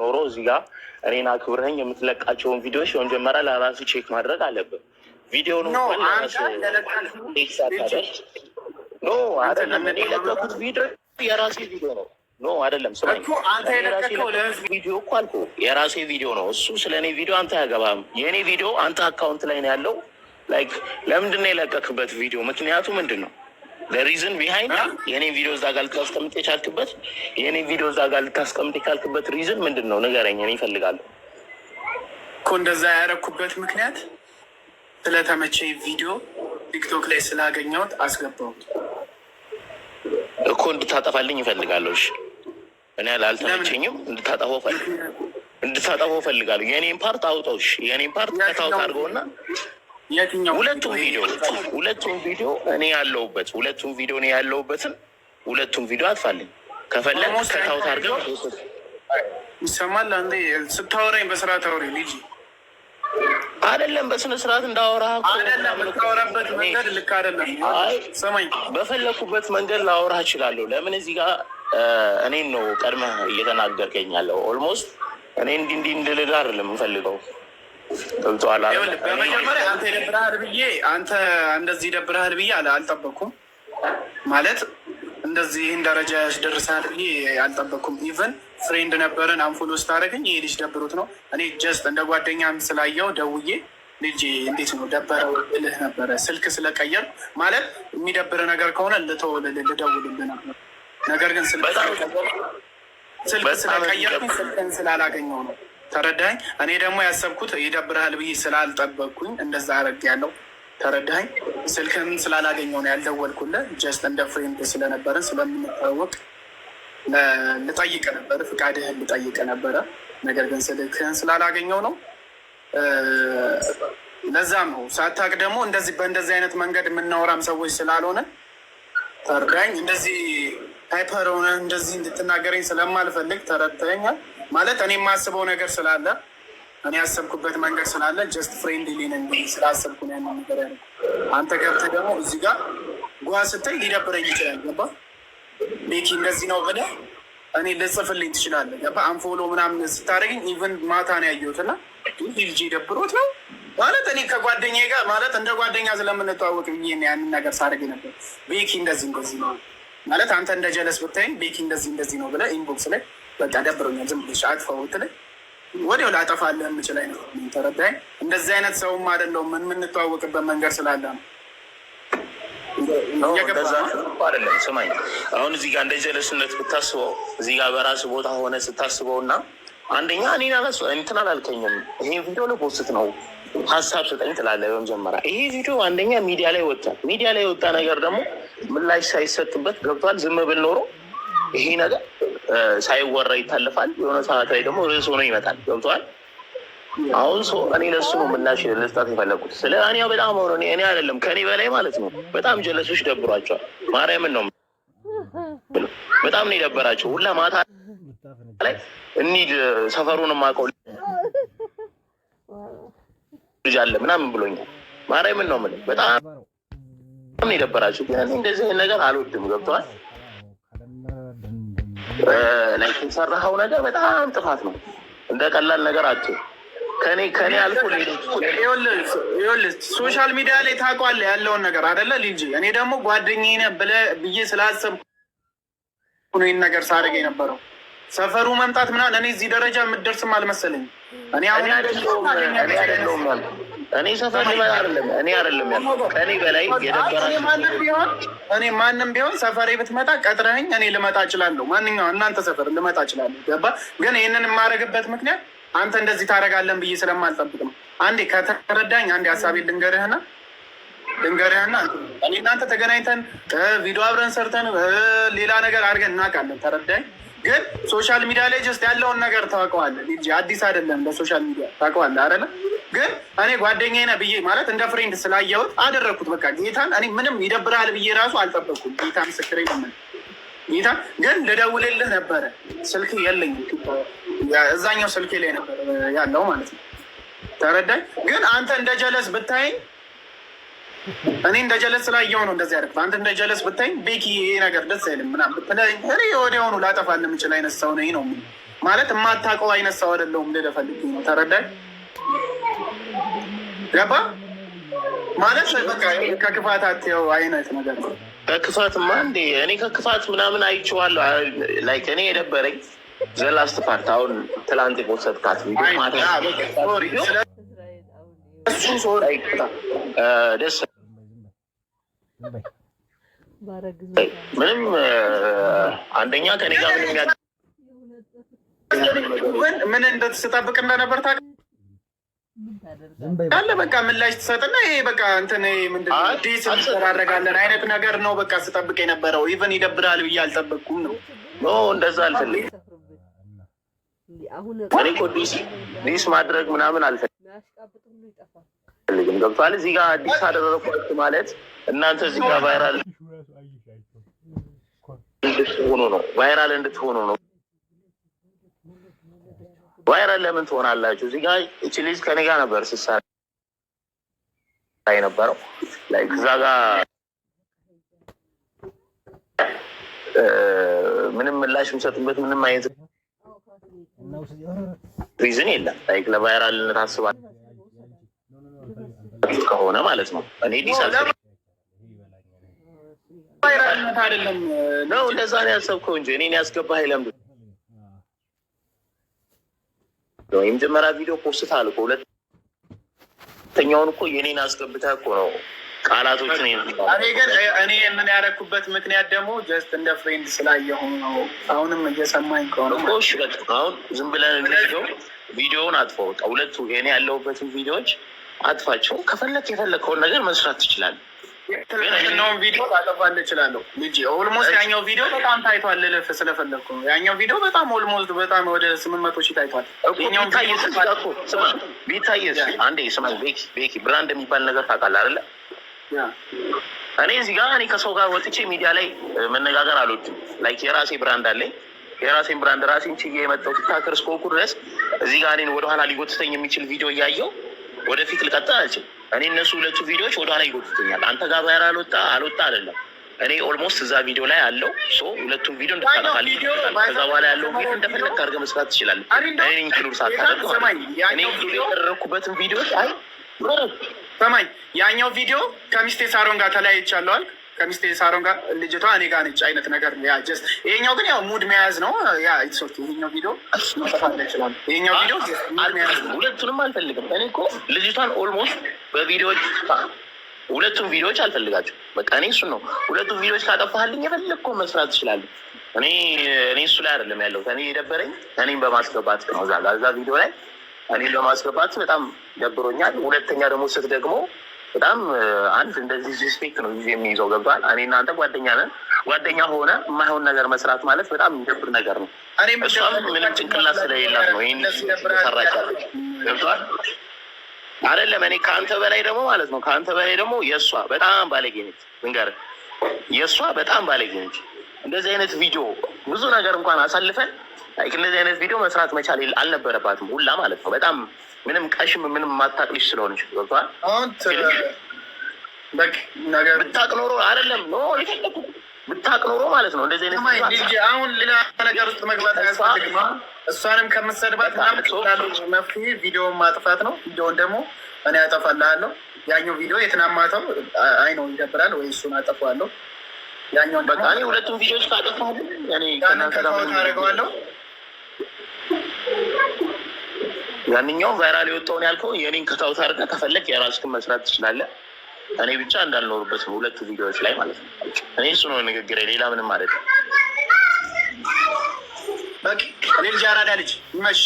ኖሮ እዚህ ጋ እኔን አክብረኝ የምትለቃቸውን ቪዲዮዎች በመጀመሪያ ለራሱ ቼክ ማድረግ አለብን። ቪዲዮውን ኖ አይደለም እኔ የለቀኩት ቪዲዮ የራሴ ቪዲዮ ነው። ኖ አይደለም ቪዲዮ እኮ አልኩህ የራሴ ቪዲዮ ነው። እሱ ስለ እኔ ቪዲዮ አንተ አያገባህም። የእኔ ቪዲዮ አንተ አካውንት ላይ ነው ያለው። ላይክ ለምንድን ነው የለቀክበት ቪዲዮ ምክንያቱ ምንድን ነው? ለሪዝን ቢሃይንድ የእኔ ቪዲዮ እዛ ጋር ልታስቀምጥ የቻልክበት የእኔ ቪዲዮ እዛ ጋር ልታስቀምጥ የቻልክበት ሪዝን ምንድን ነው? ንገረኝ። እኔ ይፈልጋሉ እኮ እንደዛ ያደረኩበት ምክንያት ስለተመቼ ቪዲዮ ቲክቶክ ላይ ስላገኘሁት አስገባሁት እኮ እንድታጠፋልኝ ይፈልጋለሁ። እሺ እኔ አልተመቸኝም፣ እንድታጠፋው ፈልግ እንድታጠፋው ፈልጋለሁ። የኔን ፓርት አውጣው። እሺ የኔን ፓርት ከታውት አድርገውና ሁለቱም ቪዲዮ ሁለቱም ቪዲዮ እኔ ያለሁበት ሁለቱም ቪዲዮ እኔ ያለሁበትን ሁለቱም ቪዲዮ አጥፋልኝ። ከፈለግ ከታውት አድርገ ይሰማል። ስታወራኝ በስርዓት አውሪ ልጅ አይደለም። በስነ ስርዓት እንዳወራ መንገድ ልክ አይደለም። ሰማኝ። በፈለኩበት መንገድ ላወራ እችላለሁ። ለምን እዚህ ጋር እኔን ነው ቀድመህ እየተናገርከኝ ያለው? ኦልሞስት እኔ እንዲህ እንዲህ እንድልል አይደለም የምፈልገው በመጀመሪያ አንተ ይደብረሃል ብዬ አንተ እንደዚህ ይደብረሃል ብዬ አልጠበኩም። ማለት እንደዚህ ይህን ደረጃ ያስደርሳል ብዬ አልጠበኩም። ኢቨን ፍሬንድ ነበረን አንፎሎ ስታደረግኝ ይሄ ልጅ ደብሮት ነው። እኔ ጀስት እንደ ጓደኛም ስላየው ደውዬ ልጅ እንዴት ነው ደበረው ልህ ነበረ። ስልክ ስለቀየር ማለት የሚደብር ነገር ከሆነ ልተው ልደውልልህ ነበር። ነገር ግን ስልክ ስለቀየርኩኝ ስልክን ስላላገኘው ነው ተረዳኝ። እኔ ደግሞ ያሰብኩት ይደብርሃል ብዬ ስላልጠበቅኩኝ እንደዛ አረግ ያለው ተረዳኝ። ስልክን ስላላገኘው ነው ያልደወልኩልህ። ጀስት እንደ ፍሬንድ ስለነበረ ስለምንታወቅ ልጠይቅ ነበር፣ ፍቃድህን ልጠይቅ ነበረ። ነገር ግን ስልክህን ስላላገኘው ነው። ለዛም ነው ሳታቅ ደግሞ እንደዚህ በእንደዚህ አይነት መንገድ የምናወራም ሰዎች ስላልሆነ ተረዳኝ። እንደዚህ ሃይፐር ሆነ እንደዚህ እንድትናገረኝ ስለማልፈልግ ተረድተኸኛል። ማለት እኔ የማስበው ነገር ስላለ እኔ ያሰብኩበት መንገድ ስላለ ጀስት ፍሬንድ ሊን ስላሰብኩ ያን ነገር ያለ አንተ ገብተህ ደግሞ እዚህ ጋር ጓ ስታይ ሊደብረኝ ይችላል። ገባ ቤኪ እንደዚህ ነው ብለህ እኔ ልጽፍልኝ ትችላለህ። ገባ አንፎሎ ምናምን ስታደርግኝ ኢቨን ማታ ነው ያየሁት እና ልጅ ደብሮት ነው ማለት እኔ ከጓደኛ ጋር ማለት እንደ ጓደኛ ስለምንተዋወቅ ብዬ ያንን ነገር ሳደርግ ነበር። ቤኪ እንደዚህ እንደዚህ ነው ማለት አንተ እንደ ጀለስ ብታይኝ ቤኪ እንደዚህ እንደዚህ ነው ብለህ ኢንቦክስ ላይ በቃ ደብሮኛል፣ ዝም ብለሽ አጥፈው ብትለኝ ወዲያው ላጠፋልህ የምችል አይነት ተረዳኝ። እንደዚህ አይነት ሰውም አይደለሁም የምንተዋወቅበት መንገድ ስላለ ነው። አይደለም ስማኝ፣ አሁን እዚህ ጋር እንደ ጀለስነት ብታስበው እዚህ ጋር በራስ ቦታ ሆነ ስታስበው እና አንደኛ እኔን አላስ እንትን አላልከኝም። ይሄ ቪዲዮ ለፖስት ነው ሀሳብ ስጠኝ ትላለህ በመጀመሪያ። ይሄ ቪዲዮ አንደኛ ሚዲያ ላይ ወጣ። ሚዲያ ላይ የወጣ ነገር ደግሞ ምላሽ ሳይሰጥበት ገብቷል። ዝም ብል ኖሮ ይሄ ነገር ሳይወራ ይታለፋል። የሆነ ሰዓት ላይ ደግሞ ርዕስ ሆኖ ይመጣል። ገብተዋል። አሁን ሰው እኔ ለሱ ነው ምላሽ ልስጣት የፈለጉት ስለ እኔ በጣም ሆኖ እኔ አይደለም ከኔ በላይ ማለት ነው። በጣም ጀለሶች ደብሯቸዋል። ማርያምን ነው በጣም ነው የደበራቸው። ሁላ ማታ ላይ እኒድ ሰፈሩን ማቀው ልጅ አለ ምናምን ብሎኛል። ማርያምን ነው ምን በጣም ነው የደበራቸው። እንደዚህ ነገር አልወድም። ገብተዋል ላይ የሰራኸው ነገር በጣም ጥፋት ነው። እንደ ቀላል ነገር አጭ ከኔ ከኔ አልፎ ሶሻል ሚዲያ ላይ ታውቀዋለህ ያለውን ነገር አደለ ልጅ። እኔ ደግሞ ጓደኛዬ ነህ ብለህ ብዬ ስላሰብኩ ይህን ነገር ሳደርግ የነበረው ሰፈሩ መምጣት ምናምን እኔ እዚህ ደረጃ የምትደርስም አልመሰለኝ። እኔ አሁን እኔ ሰፈር ላይ አይደለም እኔ አይደለም ከኔ በላይ እኔ ማንም ቢሆን ሰፈሬ ብትመጣ ቀጥረኸኝ እኔ ልመጣ እችላለሁ። ማንኛው እናንተ ሰፈር ልመጣ እችላለሁ። ገባ ግን ይህንን የማደርግበት ምክንያት አንተ እንደዚህ ታደርጋለን ብዬ ስለማልጠብቅ አንዴ ከተረዳኝ አንዴ ሀሳቤ ልንገርህና ልንገርህና እኔ እናንተ ተገናኝተን ቪዲዮ አብረን ሰርተን ሌላ ነገር አድርገን እናውቃለን። ተረዳኝ ግን ሶሻል ሚዲያ ላይ ጀስት ያለውን ነገር ታውቀዋለህ አዲስ አይደለም። በሶሻል ሚዲያ ታውቀዋለህ አይደለ? ግን እኔ ጓደኛዬ ነህ ብዬ ማለት እንደ ፍሬንድ ስላየሁት አደረግኩት። በቃ ጌታን እኔ ምንም ይደብርሃል ብዬ ራሱ አልጠበቅኩም። ጌታ ምስክሬ ነው። ጌታ ግን ልደውልልህ ነበረ ስልክ የለኝ እዛኛው ስልኬ ላይ ነበር ያለው ማለት ነው። ተረዳኝ። ግን አንተ እንደ ጀለስ ብታይኝ እኔ እንደ ጀለስ ስላየው ነው እንደዚህ ያደርግ። አንተ እንደ ጀለስ ብታይ ቤኪ ይሄ ነገር ደስ አይልም ምናምን ብትለኝ እኔ የሆኑ ላጠፋ የምችል አይነት ሰው ነኝ ነው ማለት የማታውቀው አይነት ሰው አይደለሁም። ልደፈልግ ነው ተረዳኝ። ገባ ማለት በቃ ከክፋት አትየው አይነት ነገር ነው። ከክፋትማ እንዴ እኔ ከክፋት ምናምን አይቼዋለሁ። ላይክ እኔ የደበረኝ ዘላስት ፓርት አሁን ትላንት የፖሰትካት ቪዲዮ ማለት ምንም አንደኛ ከኔ ጋር ምንም ያ ምን እንደተሰጣብቅ እንደነበር ታ በቃ ምላሽ ትሰጥና ይሄ በቃ እንትን ምንድስ እንሰራረጋለን አይነት ነገር ነው። በቃ ስጠብቅ የነበረው ኢቨን ይደብራል ብዬ አልጠበቅኩም ነው ኖ እንደዛ አልፈልግም። ዲስ ማድረግ ምናምን አልፈልግም። ሲቃብጥ ሁሉ ይጠፋል። ገብቷል። እዚህ ጋር አዲስ አደረኳችሁ ማለት እናንተ እዚህ ጋር ቫይራል እንድትሆኑ ነው። ቫይራል እንድትሆኑ ነው። ቫይራል ለምን ትሆናላችሁ? እዚህ ጋር እቺ ልጅ ከኔ ጋር ነበር ስሳ የነበረው ላይክ እዛ ጋር ምንም ምላሽ የምሰጥበት ምንም አይነት ሪዝን የለም። ላይክ ለቫይራልነት አስባል ፊት ከሆነ ማለት ነው። እኔ ዲስ አይደለም ነው እንደዛ ነው ያሰብከው እንጂ እኔን ያስገባህ አይለምድ የመጀመሪያ ቪዲዮ ፖስት አልኮ ሁለተኛውን እኮ የኔን አስገብተ እኮ ነው ቃላቶችን እኔ ግን እኔ የምን ያደረኩበት ምክንያት ደግሞ ጀስት እንደ ፍሬንድ ስላየሁ ነው። አሁንም እየሰማኝ ከሆነ አሁን ዝም ብለን ቪዲዮውን አጥፎ ሁለቱ እኔ ያለሁበትን ቪዲዮዎች አጥፋቸው። ከፈለክ የፈለከውን ነገር መስራት ትችላለህ። ያኛውን ቪዲዮ ላጠፋልህ እችላለሁ። ኦልሞስት ያኛው ቪዲዮ በጣም ታይቷል። ልልፍ ስለፈለግኩ ነው። ያኛው ቪዲዮ በጣም ኦልሞስት በጣም ወደ ስምንት መቶ ሺህ ታይቷል። ቢታየስ አንዴ ስማ፣ ቤኪ ቤኪ ብራንድ የሚባል ነገር ታውቃለህ አይደለ? እኔ እዚህ ጋር እኔ ከሰው ጋር ወጥቼ ሚዲያ ላይ መነጋገር አልወድም። ላይክ የራሴ ብራንድ አለኝ። የራሴን ብራንድ ራሴን ችዬ የመጣው ታክር እስከሆንኩ ድረስ እዚህ ጋር እኔን ወደኋላ ሊጎትተኝ የሚችል ቪዲዮ እያየው ወደፊት ልቀጣ አልችልም። እኔ እነሱ ሁለቱ ቪዲዮዎች ወደኋላ ይጎትቱኛል። አንተ ጋር ባይራ አልወጣ አልወጣ አይደለም እኔ ኦልሞስት እዛ ቪዲዮ ላይ አለው ሁለቱም ቪዲዮ እንድታጠፋል ከዛ በኋላ ያለው ቪዲዮ እንደፈለግ አድርገህ መስራት ትችላለህ። እኔ ኢንክሉድ ሳታደርግ እኔ ኢንክሉድ የተደረግኩበትን ቪዲዮ አይ ሰማኝ ያኛው ቪዲዮ ከሚስቴ ሳሮን ጋር ተለያይቻለሁ አልክ ከሚስቴ ሳሮን ጋር ልጅቷ እኔ ጋር ነች አይነት ነገር ያ ጀስት ይሄኛው ግን ያው ሙድ መያዝ ነው። ያ ኢትሶች ይሄኛው ቪዲዮ መጠፋላ ይችላል። ይሄኛው ቪዲዮ ሁለቱንም አልፈልግም። እኔ እኮ ልጅቷን ኦልሞስት በቪዲዮዎች ሁለቱም ቪዲዮዎች አልፈልጋቸው። በቃ እኔ እሱን ነው ሁለቱም ቪዲዮዎች ካጠፋህልኝ የፈለግከው መስራት ትችላለህ። እኔ እኔ እሱ ላይ አይደለም ያለው እኔ የደበረኝ እኔም በማስገባት ነው እዛ ቪዲዮ ላይ እኔም በማስገባት በጣም ደብሮኛል። ሁለተኛ ደግሞ ስት ደግሞ በጣም አንድ እንደዚህ ሪስፔክት ነው ጊዜ የሚይዘው ገብቷል። እኔ እናንተ ጓደኛ ነን። ጓደኛ ሆነ የማይሆን ነገር መስራት ማለት በጣም የሚደብር ነገር ነው። እሷም ምንም ጭንቅላት ስለሌላት ነው ይህን ሰራቻለች። ገብቷል አይደለም? እኔ ከአንተ በላይ ደግሞ ማለት ነው ከአንተ በላይ ደግሞ የእሷ በጣም ባለጌ ነች። ልንገርህ፣ የእሷ በጣም ባለጌ ነች። እንደዚህ አይነት ቪዲዮ ብዙ ነገር እንኳን አሳልፈን እንደዚህ አይነት ቪዲዮ መስራት መቻል አልነበረባትም ሁላ ማለት ነው። በጣም ምንም ቀሽም ምንም ማታቅልሽ ስለሆነች ገብቷል። ብታቅ ኖሮ አይደለም ኖ የፈለኩ ብታቅ ኖሮ ማለት ነው እንደዚህ አይነት አሁን ሌላ ነገር ውስጥ መግባት አያስፈልግም። እሷንም ከምትሰድባት መፍትሄ ቪዲዮን ማጥፋት ነው። ቪዲዮን ደግሞ እኔ ያጠፋልሃለሁ። ያኛው ቪዲዮ የትናማተው አይ ነው ይደብራል ወይ እሱን አጠፋዋለሁ ያኛውን በቃ እኔ ሁለቱም ቪዲዮዎች ካጠፉ ያንኛውም ቫይራል የወጣውን ያልከው የኔን ከታውት አድርገህ ከፈለግ የራስክን መስራት ትችላለህ። እኔ ብቻ እንዳልኖርበት ነው ሁለቱ ቪዲዮዎች ላይ ማለት ነው። እኔ እሱ ነው ንግግር፣ ሌላ ምንም ማለት ነው። በቃ እኔ ልጅ አራዳ ልጅ ይመሽ